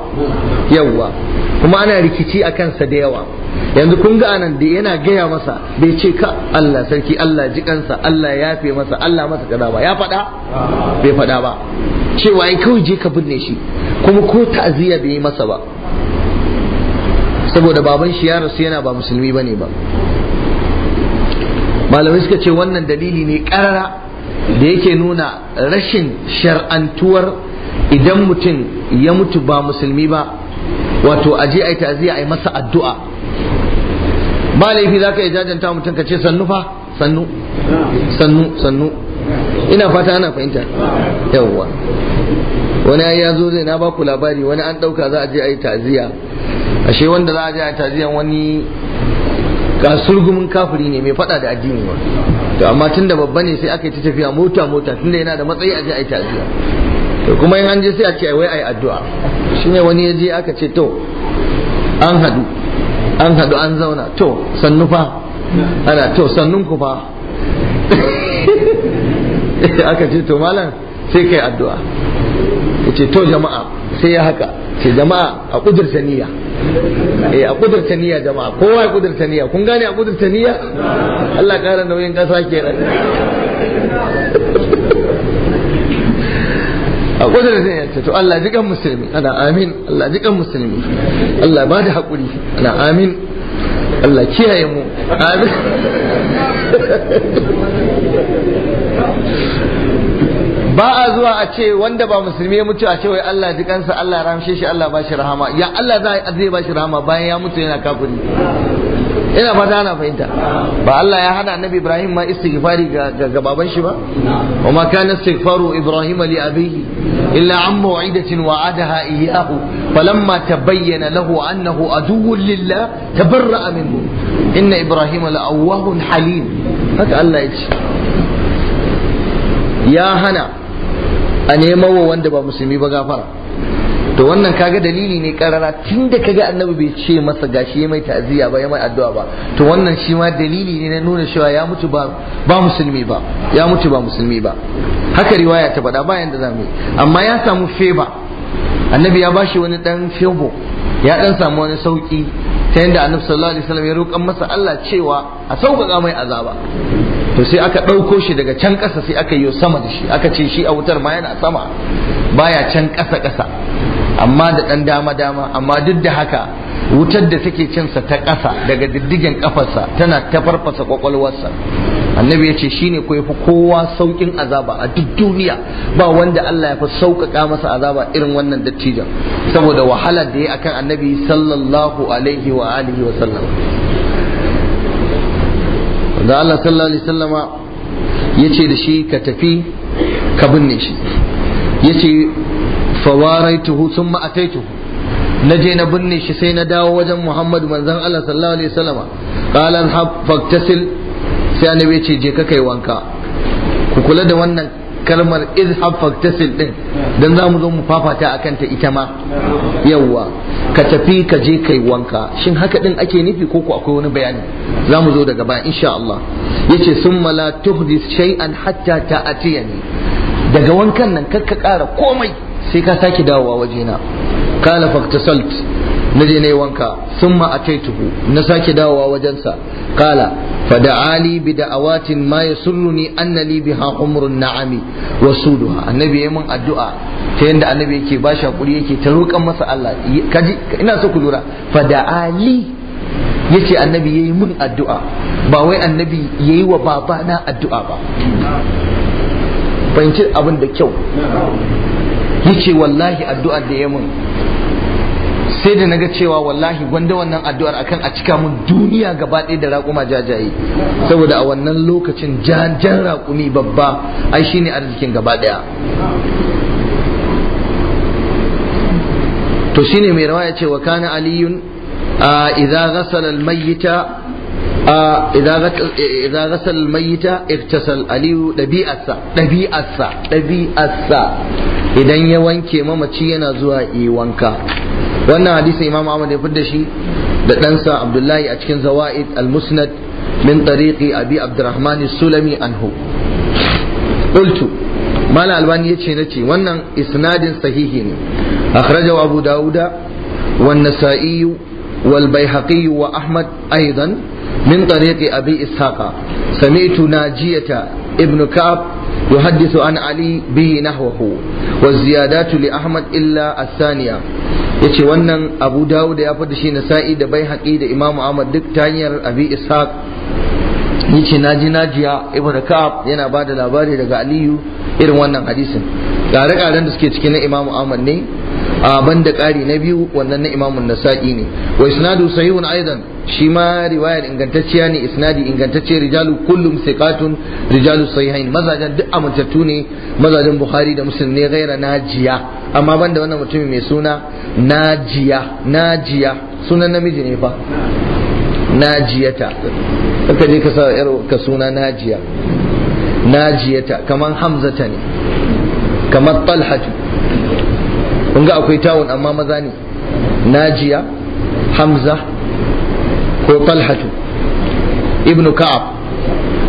yawwa kuma ana rikici a kansa da yawa yanzu kun ga anan da yana gaya masa bai ce ka Allah sarki Allah ji kansa Allah ya fi masa Allah masa kaza ba ya faɗa bai faɗa ba cewa ai kawai je ka binne shi kuma ko ta'aziyya bai yi masa ba saboda baban shi ya rasu yana ba musulmi bane ba malamai suka ce wannan dalili ne karara da yake nuna rashin shar'antuwar idan mutum ya mutu ba musulmi ba wato aje ai ta'ziya ai masa addu'a ba laifi zaka yi jajanta mutum ka ce sannu fa sannu sannu sannu ina fata ana fahimta yawwa wani ai ya zo zai na ku labari wani an dauka za a je ai ta'ziya ashe wanda za a je ai taziya wani kasurgumin kafiri ne mai fada da addini ba to amma tunda babba ne sai aka yi ta tafiya mota mota tunda yana da matsayi a je ai ta'ziya to kuma in an je sai a ce wai ai addu'a shine wani ya je aka ce to an hadu an hadu an zauna to sannu fa ana to sannun ku fa aka ce to malam sai kai addu'a ce to jama'a sai ya haka ce jama'a a kudurta niyya eh a kudurta niyya jama'a kowa ya kudurta niyya kun gane a kudurta niyya Allah ƙara nauyin ƙasa kenan a kudar zai yanta to Allah ji kan musulmi ana amin Allah ji kan musulmi Allah ba da haƙuri ana amin Allah kiyaye mu amin ba a zuwa a ce wanda ba musulmi ya mutu a ce wai Allah ji kansa Allah ramshe shi Allah ba shi rahama ya Allah zai ba shi rahama bayan ya mutu yana kafiri ina fata ana fahimta ba Allah ya hana annabi Ibrahim ma istighfari ga ga baban shi ba wa ma kana istighfaru Ibrahim li abihi illa an maw'idatin wa'adaha iyyahu falamma tabayyana lahu annahu aduwwun lillah tabarra'a minhu inna Ibrahim la'awwahun halim haka Allah ya ce ya hana a nemo wa wanda ba musulmi ba gafara to wannan kaga dalili ne karara tunda kaga annabi bai ce masa gashi ya mai ta'aziyya ba ya mai addu'a ba to wannan shi ma dalili ne na nuna cewa ya mutu ba ba musulmi ba ya mutu ba musulmi ba haka riwaya ta faɗa bayan da zamu amma ya samu feba annabi ya bashi wani dan febo ya dan samu wani sauki ta yadda annabi sallallahu alaihi wasallam ya roƙan masa Allah cewa a sauƙaƙa mai azaba to sai aka ɗauko shi daga can ƙasa sai aka yi sama da shi aka ce shi a wutar ma yana sama baya can ƙasa ƙasa amma da ɗan dama-dama amma duk da haka wutar da take cinsa ta ƙasa daga diddigen ƙafarsa tana ta farfasa ƙwaƙwalwarsa annabi ya ce shi ne fi kowa sauƙin azaba a duk duniya ba wanda Allah ya fi sauƙaƙa masa azaba irin wannan dattijan saboda wahala da ya akan annabi sallallahu alaihi wa alihi wa sallam da Allah sallallahu alaihi sallama ya ce da shi ka tafi ka binne shi ya ce fawaraituhu thumma ataituhu naje na binne shi sai na dawo wajen Muhammadu manzon Allah sallallahu alaihi wasallama qala hab faktasil sai ce je ka kai wanka ku kula da wannan kalmar izhab faktasil din dan za mu zo mu fafata akan ta ita ma yawwa ka tafi ka je kai wanka shin haka din ake nufi ko akwai wani bayani za mu zo daga baya insha Allah yace summa la tuhdis shay'an hatta ta'tiyani daga wankan nan kar ka kara komai sai ka sake dawowa wajena kala faktasalt na je na wanka sun ma a taituhu na sake dawowa wajensa kala fada'ali bi da'awatin ma yasurruni annali bi biha umrun na'ami wa suduha annabi yayin min addu'a ta yanda annabi yake ba shi hakuri yake ta roƙan masa Allah kaji ina so ku lura fada'ali yace annabi yayi mun addu'a ba wai annabi yayi wa babana addu'a ba fahimci abin da kyau yace wallahi addu'a da ya mun sai da naga cewa wallahi gwanda wannan addu'ar akan a cika mun duniya gaba ɗaya da raƙuma jajaye saboda a wannan lokacin jan raƙumi babba ai shine arzikin gaba ɗaya to shine mai rawa ya ce wa kana aliyun idza ghasala al-mayyita idza ghasal mayyita iktasal aliyu dabi'arsa dabi'arsa dabi'arsa idan ya wanke mamaci yana zuwa yi wanka wannan hadisin imam ahmad ya da shi da ɗansa abdullahi a cikin zawaid al-musnad min tariqi abi abdurrahman sulami anhu qultu mala albani yace nace wannan isnadin sahihi ne akhrajahu abu dauda wan nasa'i wal baihaqi wa ahmad aidan من طريق أبي إسحاق سمعت ناجية ابن كعب يحدث عن علي به نحوه والزيادات لأحمد إلا الثانية yace wannan abu dawud ya faɗi shi nasa'i da bai haƙi da imam ahmad duk ta hanyar abi ishaq yace naji najiya ibnu ka'ab yana bada labari daga aliyu irin wannan hadisin ƙare-ƙaren da suke cikin imam ahmad ne a ban da ƙari na biyu wannan na imamun nasa'i ne wa isnadu sahihun aidan shi ma riwayar ingantacciya ne isnadi ingantacce rijalu kullum siqatun rijalu sahihain mazajen duk amintattu ne mazajen bukhari da muslim ne gaira najiya amma ban da wannan mutumin mai suna najiya najiya sunan namiji ne fa najiyata kaka je ka sa ka suna najiya najiyata kaman hamzata ne kamar talhatu kun ga akwai tawun amma maza ne najiya hamza ko talhatu ibnu ka'ab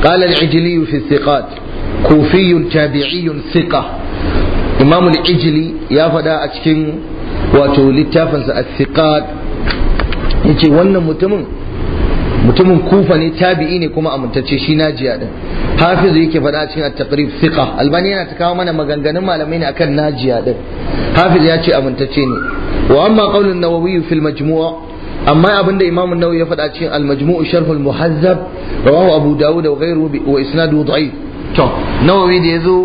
قال العجلي في الثقات كوفي تابعي ثقة إمام العجلي يا فدا أتكين واتو لتافنس الثقات yace wannan mutumin mutumin kufa ne tabi'i ne kuma amintacce shi najiya din hafizu yake faɗa cikin at-taqrib thiqa albani yana ta kawo mana maganganun malamai ne akan najiya din hafiz ya ce amintacce ne wa amma qaulun nawawi fil majmu'a amma abinda imamu nawawi ya faɗa cikin al-majmu'u sharh al-muhazzab rawahu abu daud wa ghayruhu wa isnaduhu da'if to nawawi da yazo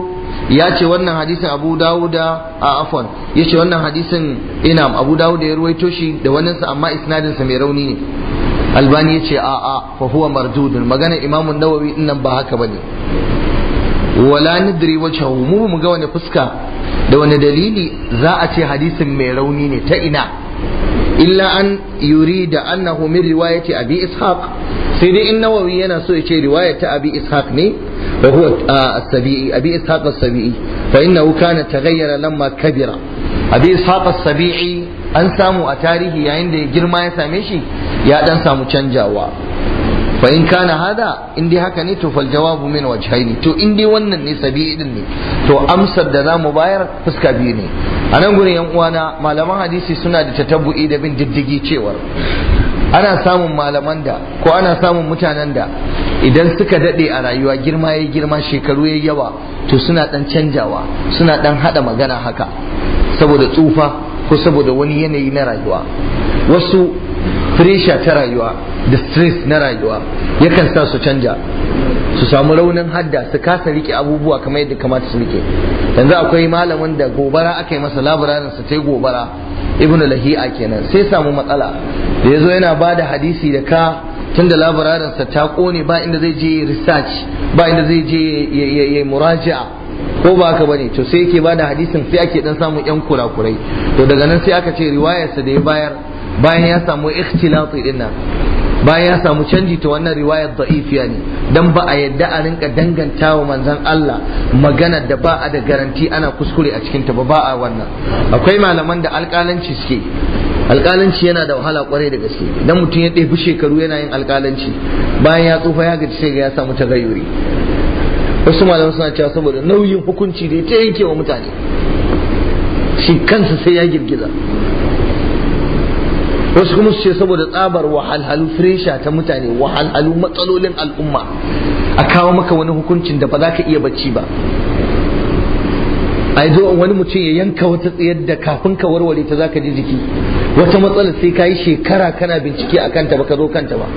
ya ce wannan hadisin abu dawuda a afon ya ce wannan hadisin inam abu dawuda ya ruwaito shi da waninsa amma isnadinsa mai rauni ne albani yace a a fa huwa mardudun magana imam nawawi din nan ba haka bane wala nadri wajhahu mu mu ga wani fuska da wani dalili za a ce hadisin mai rauni ne ta ina illa an yurida annahu min riwayati abi ishaq sai dai in nawawi yana so ya ce ta abi ishaq ne wa huwa as-sabi'i abi ishaq as-sabi'i fa innahu kana taghayyara lamma kabira abi ishaq as-sabi'i an samu a tarihi yayin da girma ya same shi ya dan samu canjawa fa in kana hada in haka ne to fal jawabu min wajhaini to in wannan ne sabi'i din ne to amsar da zamu bayar fuska biyu ne a nan gurin yan uwana malaman hadisi suna da tatabbu'i da bin diddigi cewar ana samun malaman da ko ana samun mutanen da idan suka dade a rayuwa girma yayi girma shekaru yayi yawa to suna dan canjawa suna dan hada magana haka saboda tsufa ko saboda wani yanayi na rayuwa wasu pressure ta rayuwa da stress na rayuwa yakan sa su canja su samu raunin hadda su kasa rike abubuwa kamar yadda kamata su rike yanzu akwai malamin da gobara aka yi masa labararin sa ta yi gobara ibnu lahi'a kenan sai samu matsala da ya zo yana ba da hadisi da ka tunda labararin sa ta kone ba inda zai je research ba inda zai je ya muraja'a ko ba haka bane to sai yake da hadisin sai ake dan samun yan kurakurai to daga nan sai aka ce riwayarsa da ya bayar bayan ya samu ikhtilati dinna bayan ya samu canji ta wannan riwayar da'ifiya ne dan ba a yadda a rinka danganta wa manzon Allah magana da ba a da garanti ana kuskure a cikin ta ba ba a wannan akwai malaman da alƙalanci suke alƙalanci yana da wahala kwarai da gaske dan mutum ya ɗebi shekaru yana yin alƙalanci bayan ya tsufa ya gaji sai ya samu tagayyuri wasu malaman suna cewa saboda nauyin hukunci da ta yanke wa mutane shi kansa sai ya girgiza wasu kuma su ce saboda tsabar wahalhalu fresha ta mutane wahalhalu matsalolin al'umma a kawo maka wani hukuncin da ba za ka iya bacci ba a zo wani mutum ya yanka wata tsayar da kafin ka warware ta ka ji jiki wata matsalar sai ka yi shekara kana bincike a kanta ba ka zo kanta ba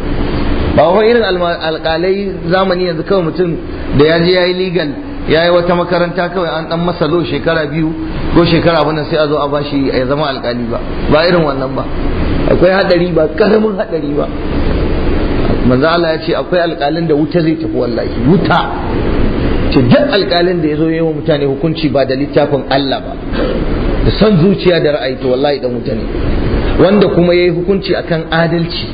ba wani irin alƙalai zamani yanzu kawai mutum da ya je ya yi legal ya yi wata makaranta kawai an dan masa lo shekara biyu ko shekara abin sai a zo a bashi ya zama alƙali ba ba irin wannan ba akwai hadari ba karamin hadari ba manzo Allah ya ce akwai alƙalin da wuta zai tafi wallahi wuta ce duk alƙalin da ya zo mutane hukunci ba da littafin Allah ba da san zuciya da ra'ayi to wallahi dan wuta ne wanda kuma yayi hukunci akan adalci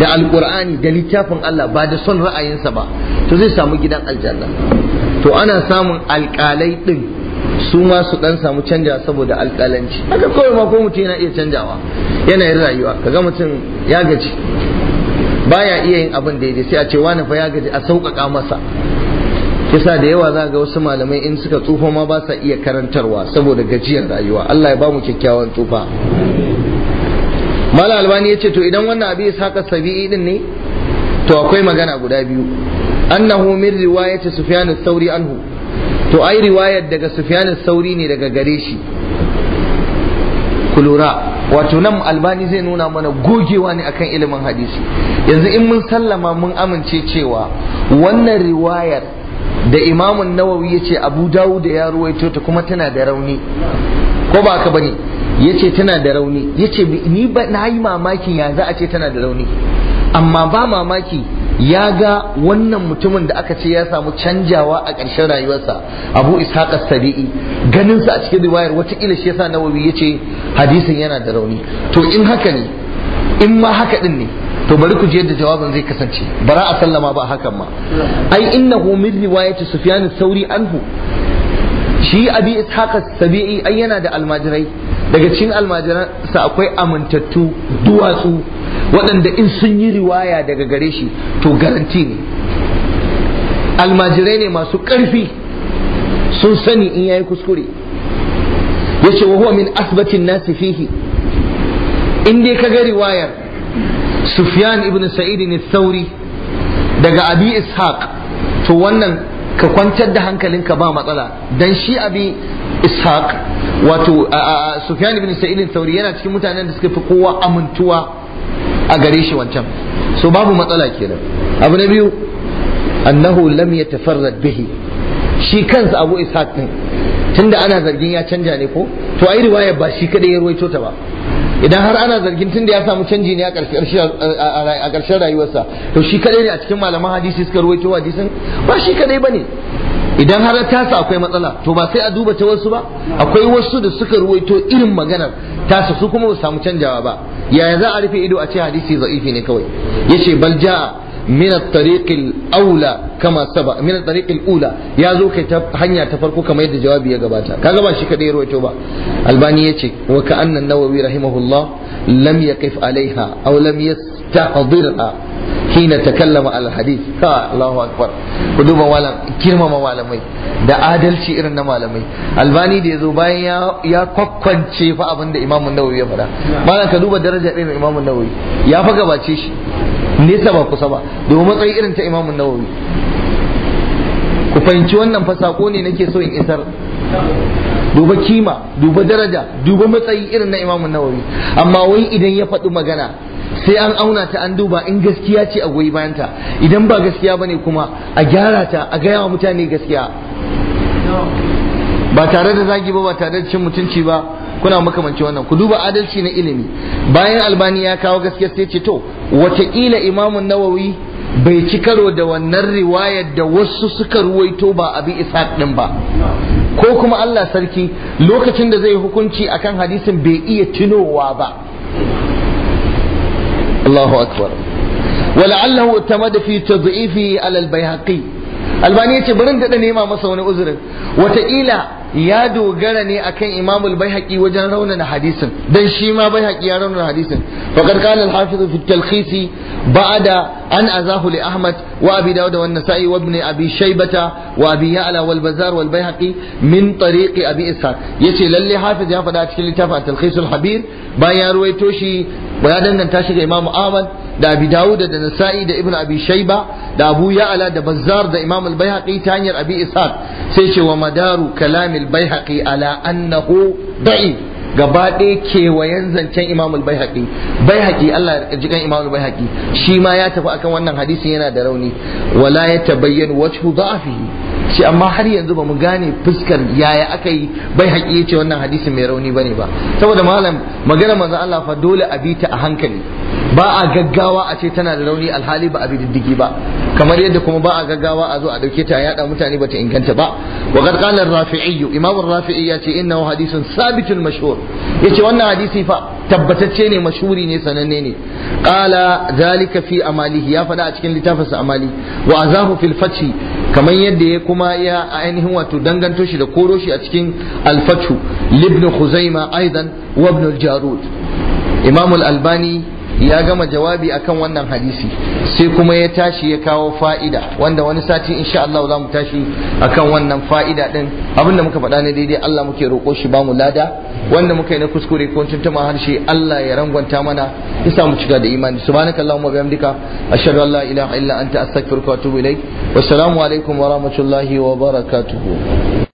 da alƙur'ani da littafin Allah ba da son ra'ayinsa ba to zai samu gidan aljanna to ana samun alƙalai din su ma su dan samu canja saboda alƙalanci haka kawai ma ko mutum yana iya canjawa yanayin rayuwa kaga mutum ya gaji baya iya yin abin da daidai sai a ce wani fa ya gaji a sauƙaƙa masa kisa da yawa za ga wasu malamai in suka tsufa ma ba sa iya karantarwa saboda gajiyar rayuwa Allah ya ba mu kyakkyawan tsufa Malam Albani ya ce to idan wannan abin saka sabi'i din ne to akwai magana guda biyu annahu min riwayati Sufyan ats-Tsauri anhu to ai riwayar daga sufyan sauri ne daga gare shi kulura wato nan albani zai nuna mana gogewa ne akan ilimin hadisi yanzu in mun sallama mun amince cewa wannan riwayar da imamun nawawi ya ce abu dawud ya ruwaito ta kuma tana da rauni ko ba ka bane ya ce tana da rauni ya ce ni na yi mamakin ya za a ce tana da rauni amma ba mamaki ya ga wannan mutumin da aka ce ya samu canjawa a ƙarshen rayuwarsa abu ishaƙa sari'i ganin sa a cikin riwayar wata kila shi yasa ya ce hadisin yana da rauni to in haka ne in ma haka din ne to bari ku je yadda jawabin zai kasance bara a sallama ba hakan ma ai innahu min riwayati sufyan sauri anhu shi abi ishaq ai yana da almajirai daga cikin almajiransa akwai amintattu duwatsu waɗanda in sun yi riwaya daga gare shi to garanti ne almajirai ne masu ƙarfi sun sani in yayi kuskure Ya ce wa huwa min asbatin nasi fihi in dai ka ga riwayar Sufyan ibn Sa'id ne sauri daga Abi Ishaq to wannan ka kwantar da hankalinka ba matsala dan shi Abi Ishaq wato Sufyan ibn Sa'id sauri yana cikin mutanen da suka fi kowa amintuwa a gare shi wancan so babu matsala kenan abu na biyu annahu lam yatafarrad bihi shi kansa abu ishaq din tunda ana zargin ya canja ne ko to ai riwaya ba shi kadai ya ruwaito ta ba idan har ana zargin tunda ya samu canji ne a karshen rayuwarsa to shi kadai ne a cikin malaman hadisi suka ruwaito hadisin ba shi kadai bane idan har tasa akwai matsala to ba sai a duba ta wasu ba akwai wasu da suka ruwaito irin maganar tasa su kuma ba samu canjawa ba yaya za a rufe ido a ce hadisi za'ifi ne kawai yace bal ja'a min at awla kama saba min at ula ya zo kai ta hanya ta farko kamar yadda jawabi ya gabata kaga ba shi kadai ruwaito ba albani yace wa ka'anna an-nawawi rahimahullah lam yaqif alaiha aw lam yastahdirha hina takallama al hadith ka Allahu akbar ku duba malam girmama malamai da adalci irin na malamai albani da yazo bayan ya kwakwance fa abin da ya faɗa malam ka duba daraja irin imamu nawawi ya fa gabace shi nesa ba kusa ba domin matsayi irin ta imamu nawawi ku fahimci wannan fa sako ne nake so in isar duba kima duba daraja duba matsayi irin na imamu nawawi amma wai idan ya faɗi magana sai an auna ta an duba in gaskiya ce a goyi bayanta idan ba gaskiya bane kuma a gyara ta a gaya wa mutane gaskiya ba tare da zagi ba ba tare da cin mutunci ba kuna makamanci wannan ku duba adalci na ilimi bayan albani ya kawo gaskiya sai ce to wataƙila imamun nawawi bai ci karo da wannan riwayar da wasu suka ruwaito ba abi isa din ba ko kuma Allah sarki lokacin da zai hukunci akan hadisin bai iya tunowa ba Allahu akbar wala'allahu tamada fi tad'ifi ala al barin da nema masa wani uzurin wataƙila ya dogara ne akan imam al-baihaqi wajen raunana hadisin don shi ma ya raunana hadisin faqad qala al-hafiz fi at بعد أن أزاه لأحمد وأبي داود والنسائي وابن أبي شيبة وأبي يعلى والبزار والبيهقي من طريق أبي إسحاق يسي للي حافظ يا فدا تشكيل تفا تلخيص الحبير بايا روي توشي ويادن أن تاشق إمام أحمد da Abi Dawud da Nasa'i da Ibn Abi Shayba da Abu Ya'la da Bazzar da Imam Al-Baihaqi ta hanyar Abi Ishaq sai ce wa madaru kalamil Baihaqi ala annahu da'if gaba ɗaya kewayen zancen imamul bai baihaqi Allah ya jikan imamul bai shi ma ya tafi akan wannan hadisin yana da rauni wala ya tabayyan wajhu fi shi amma har yanzu ba mu gane fuskar yaya aka yi bai haƙi ce wannan hadisin mai rauni bane ba saboda malam magana maza Allah fa dole a bi ta a hankali ba a gaggawa a ce tana da rauni alhali ba a bi diddigi ba kamar yadda kuma ba a gaggawa a zo a dauke ta yada mutane bata inganta ba wa qad qala ar-rafi'i imam ar-rafi'i ya ce innahu hadithun sabitun mashhur yace wannan hadisi fa tabbatacce ne mashhuri ne sananne ne qala zalika fi amalihi ya faɗa a cikin littafinsa amali wa azahu fil fathi kamar yadda ya kuma ya ainihin wato danganto shi da koro shi a cikin al libnu libn khuzaima aidan wa ibn al-jarud imam al-albani ya gama jawabi akan wannan hadisi sai kuma ya tashi ya kawo fa'ida wanda wani sati insha Allah za mu tashi akan wannan fa'ida din abinda muka faɗa ne daidai Allah muke roƙo shi ba mu lada wanda muka yi na kuskure ko tuntuma harshe Allah ya rangwanta mana isa sa mu cika da imani subhanakallahumma bihamdika ashhadu an la ilaha illa anta astaghfiruka wa atubu ilaik wassalamu alaikum wa rahmatullahi wa barakatuh